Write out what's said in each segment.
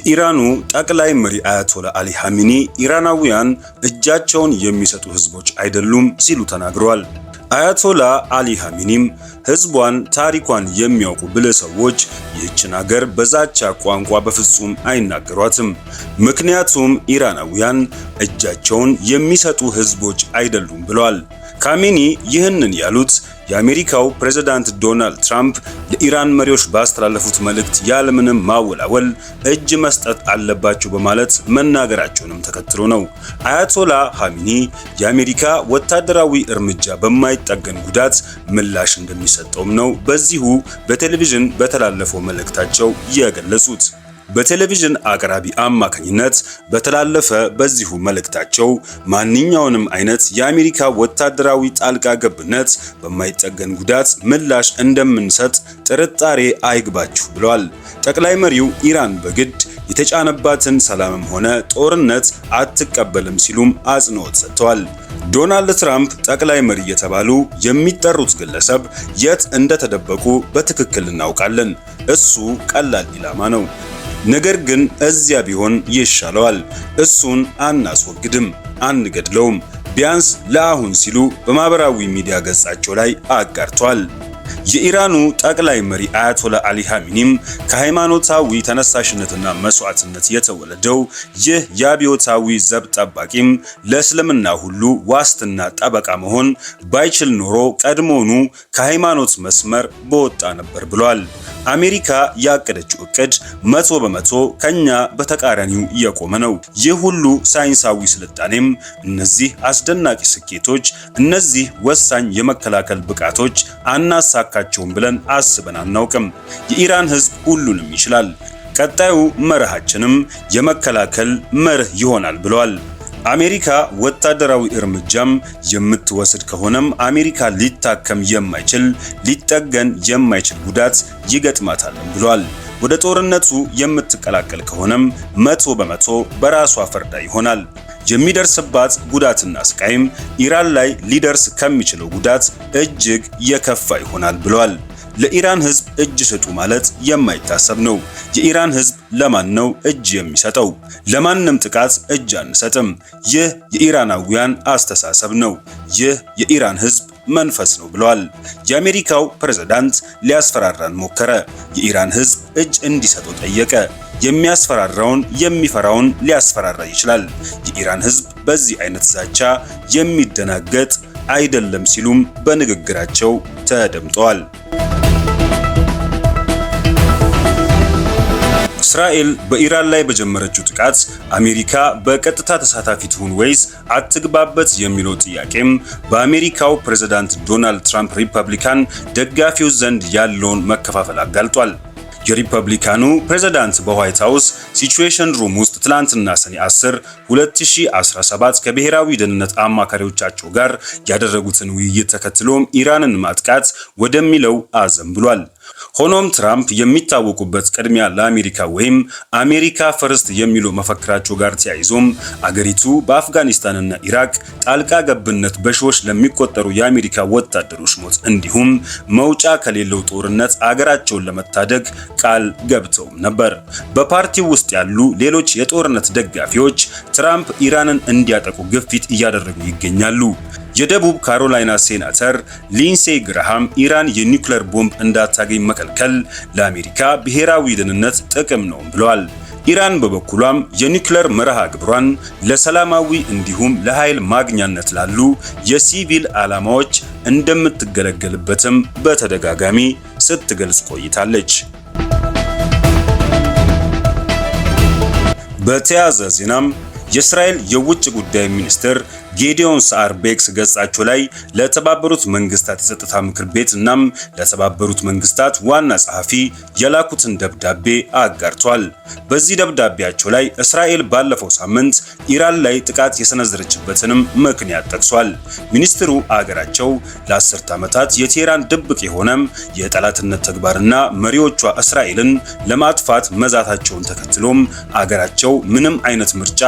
የኢራኑ ጠቅላይ መሪ አያቶላ አሊ ሐሚኒ ኢራናውያን እጃቸውን የሚሰጡ ህዝቦች አይደሉም ሲሉ ተናግረዋል። አያቶላ አሊ ሐሚኒም ህዝቧን ታሪኳን የሚያውቁ ብልህ ሰዎች ይህችን አገር በዛቻ ቋንቋ በፍጹም አይናገሯትም፣ ምክንያቱም ኢራናውያን እጃቸውን የሚሰጡ ህዝቦች አይደሉም ብለዋል። ካሚኒ ይህንን ያሉት የአሜሪካው ፕሬዝዳንት ዶናልድ ትራምፕ ለኢራን መሪዎች ባስተላለፉት መልእክት ያለምንም ማወላወል እጅ መስጠት አለባቸው በማለት መናገራቸውንም ተከትሎ ነው። አያቶላ ሃሚኒ የአሜሪካ ወታደራዊ እርምጃ በማይጠገን ጉዳት ምላሽ እንደሚሰጠውም ነው በዚሁ በቴሌቪዥን በተላለፈው መልእክታቸው የገለጹት። በቴሌቪዥን አቅራቢ አማካኝነት በተላለፈ በዚሁ መልእክታቸው ማንኛውንም አይነት የአሜሪካ ወታደራዊ ጣልቃ ገብነት በማይጠገን ጉዳት ምላሽ እንደምንሰጥ ጥርጣሬ አይግባችሁ ብለዋል። ጠቅላይ መሪው ኢራን በግድ የተጫነባትን ሰላምም ሆነ ጦርነት አትቀበልም ሲሉም አጽንኦት ሰጥተዋል። ዶናልድ ትራምፕ ጠቅላይ መሪ የተባሉ የሚጠሩት ግለሰብ የት እንደተደበቁ በትክክል እናውቃለን። እሱ ቀላል ኢላማ ነው። ነገር ግን እዚያ ቢሆን ይሻለዋል። እሱን አናስወግድም፣ አንገድለውም። ቢያንስ ለአሁን ሲሉ በማህበራዊ ሚዲያ ገጻቸው ላይ አጋርቷል። የኢራኑ ጠቅላይ መሪ አያቶላ አሊ ሐሚኒም ከሃይማኖታዊ ተነሳሽነትና መስዋዕትነት የተወለደው ይህ የአብዮታዊ ዘብ ጠባቂም ለእስልምና ሁሉ ዋስትና ጠበቃ መሆን ባይችል ኖሮ ቀድሞኑ ከሃይማኖት መስመር በወጣ ነበር ብሏል። አሜሪካ ያቀደችው እቅድ መቶ በመቶ ከኛ በተቃራኒው እየቆመ ነው። ይህ ሁሉ ሳይንሳዊ ስልጣኔም እነዚህ አስደናቂ ስኬቶች፣ እነዚህ ወሳኝ የመከላከል ብቃቶች አናሳካቸውም ብለን አስበን አናውቅም። የኢራን ሕዝብ ሁሉንም ይችላል። ቀጣዩ መርሃችንም የመከላከል መርህ ይሆናል ብለዋል። አሜሪካ ወታደራዊ እርምጃም የምትወስድ ከሆነም አሜሪካ ሊታከም የማይችል ሊጠገን የማይችል ጉዳት ይገጥማታል ብሏል። ወደ ጦርነቱ የምትቀላቀል ከሆነም መቶ በመቶ በራሷ ፈርዳ ይሆናል። የሚደርስባት ጉዳትና ስቃይም ኢራን ላይ ሊደርስ ከሚችለው ጉዳት እጅግ የከፋ ይሆናል ብሏል። ለኢራን ህዝብ እጅ ስጡ ማለት የማይታሰብ ነው። የኢራን ህዝብ ለማን ነው እጅ የሚሰጠው? ለማንም ጥቃት እጅ አንሰጥም። ይህ የኢራናውያን አስተሳሰብ ነው። ይህ የኢራን ህዝብ መንፈስ ነው ብለዋል። የአሜሪካው ፕሬዝዳንት ሊያስፈራራን ሞከረ። የኢራን ህዝብ እጅ እንዲሰጠው ጠየቀ። የሚያስፈራራውን የሚፈራውን ሊያስፈራራ ይችላል። የኢራን ህዝብ በዚህ አይነት ዛቻ የሚደናገጥ አይደለም ሲሉም በንግግራቸው ተደምጠዋል። እስራኤል በኢራን ላይ በጀመረችው ጥቃት አሜሪካ በቀጥታ ተሳታፊ ትሁን ወይስ አትግባበት የሚለው ጥያቄም በአሜሪካው ፕሬዝዳንት ዶናልድ ትራምፕ ሪፐብሊካን ደጋፊዎች ዘንድ ያለውን መከፋፈል አጋልጧል። የሪፐብሊካኑ ፕሬዝዳንት በዋይት ሃውስ ሲቹዌሽን ሩም ውስጥ ትላንትና ሰኔ 10 2017 ከብሔራዊ ደህንነት አማካሪዎቻቸው ጋር ያደረጉትን ውይይት ተከትሎም ኢራንን ማጥቃት ወደሚለው አዘንብሏል። ሆኖም ትራምፕ የሚታወቁበት ቅድሚያ ለአሜሪካ ወይም አሜሪካ ፈርስት የሚሉ መፈክራቸው ጋር ተያይዞም አገሪቱ በአፍጋኒስታንና ኢራቅ ጣልቃ ገብነት በሺዎች ለሚቆጠሩ የአሜሪካ ወታደሮች ሞት እንዲሁም መውጫ ከሌለው ጦርነት አገራቸውን ለመታደግ ቃል ገብተውም ነበር። በፓርቲው ውስጥ ያሉ ሌሎች የጦርነት ደጋፊዎች ትራምፕ ኢራንን እንዲያጠቁ ግፊት እያደረጉ ይገኛሉ። የደቡብ ካሮላይና ሴናተር ሊንሴ ግራሃም ኢራን የኒውክሌር ቦምብ እንዳታገኝ መከልከል ለአሜሪካ ብሔራዊ ደህንነት ጥቅም ነው ብለዋል። ኢራን በበኩሏም የኒውክሌር መርሃ ግብሯን ለሰላማዊ እንዲሁም ለኃይል ማግኛነት ላሉ የሲቪል ዓላማዎች እንደምትገለገልበትም በተደጋጋሚ ስትገልጽ ቆይታለች። በተያዘ ዜናም የእስራኤል የውጭ ጉዳይ ሚኒስትር ጌዲዮን ሰዓር በኤክስ ገጻቸው ላይ ለተባበሩት መንግስታት የጸጥታ ምክር ቤት እናም ለተባበሩት መንግስታት ዋና ጸሐፊ የላኩትን ደብዳቤ አጋርቷል። በዚህ ደብዳቤያቸው ላይ እስራኤል ባለፈው ሳምንት ኢራን ላይ ጥቃት የሰነዘረችበትንም ምክንያት ጠቅሷል። ሚኒስትሩ አገራቸው ለአስርት ዓመታት የቴህራን ድብቅ የሆነም የጠላትነት ተግባርና መሪዎቿ እስራኤልን ለማጥፋት መዛታቸውን ተከትሎም አገራቸው ምንም አይነት ምርጫ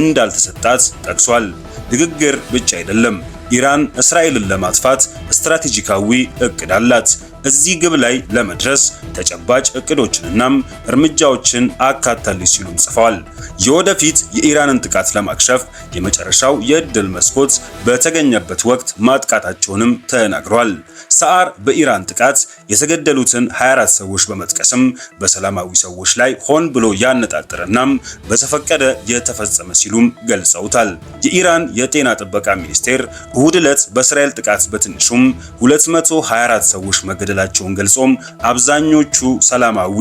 እንዳልተሰጣት ጠቅሷል። ንግግር ብቻ አይደለም። ኢራን እስራኤልን ለማጥፋት ስትራቴጂካዊ እቅድ አላት። እዚህ ግብ ላይ ለመድረስ ተጨባጭ እቅዶችንናም እርምጃዎችን አካታለች ሲሉም ጽፈዋል። የወደፊት የኢራንን ጥቃት ለማክሸፍ የመጨረሻው የእድል መስኮት በተገኘበት ወቅት ማጥቃታቸውንም ተናግሯል። ሰዓር በኢራን ጥቃት የተገደሉትን 24 ሰዎች በመጥቀስም በሰላማዊ ሰዎች ላይ ሆን ብሎ ያነጣጠረናም በተፈቀደ የተፈጸመ ሲሉም ገልጸውታል። የኢራን የጤና ጥበቃ ሚኒስቴር እሁድ ዕለት በእስራኤል ጥቃት በትንሹም 224 ሰዎች መገደል መገደላቸውን ገልጾም አብዛኞቹ ሰላማዊ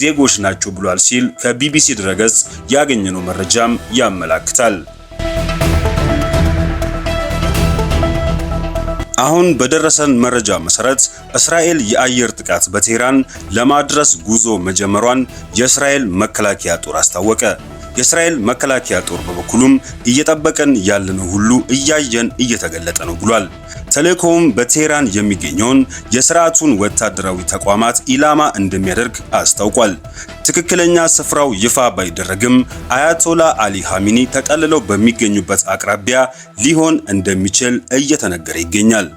ዜጎች ናቸው ብሏል ሲል ከቢቢሲ ድረገጽ ያገኘነው መረጃም ያመላክታል። አሁን በደረሰን መረጃ መሰረት እስራኤል የአየር ጥቃት በቴህራን ለማድረስ ጉዞ መጀመሯን የእስራኤል መከላከያ ጦር አስታወቀ። የእስራኤል መከላከያ ጦር በበኩሉም እየጠበቀን ያለነው ሁሉ እያየን እየተገለጠ ነው ብሏል። ተልእኮውም በቴህራን የሚገኘውን የስርዓቱን ወታደራዊ ተቋማት ኢላማ እንደሚያደርግ አስታውቋል። ትክክለኛ ስፍራው ይፋ ባይደረግም አያቶላ አሊ ሐሚኒ ተጠልለው በሚገኙበት አቅራቢያ ሊሆን እንደሚችል እየተነገረ ይገኛል።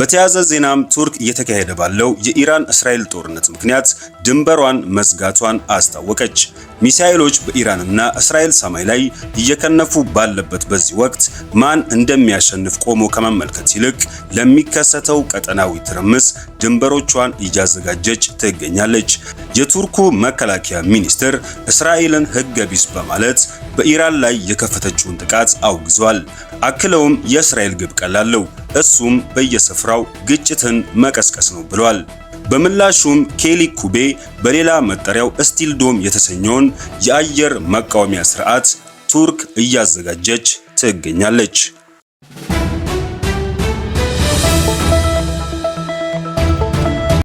በተያያዘ ዜናም ቱርክ እየተካሄደ ባለው የኢራን እስራኤል ጦርነት ምክንያት ድንበሯን መዝጋቷን አስታወቀች። ሚሳኤሎች በኢራንና እስራኤል ሰማይ ላይ እየከነፉ ባለበት በዚህ ወቅት ማን እንደሚያሸንፍ ቆሞ ከመመልከት ይልቅ ለሚከሰተው ቀጠናዊ ትርምስ ድንበሮቿን እያዘጋጀች ትገኛለች። የቱርኩ መከላከያ ሚኒስትር እስራኤልን ሕገ ቢስ በማለት በኢራን ላይ የከፈተችውን ጥቃት አውግዟል። አክለውም የእስራኤል ግብ ቀላለው እሱም በየስፍራው ግጭትን መቀስቀስ ነው ብሏል። በምላሹም ኬሊ ኩቤ በሌላ መጠሪያው ስቲል ዶም የተሰኘውን የአየር መቃወሚያ ስርዓት ቱርክ እያዘጋጀች ትገኛለች።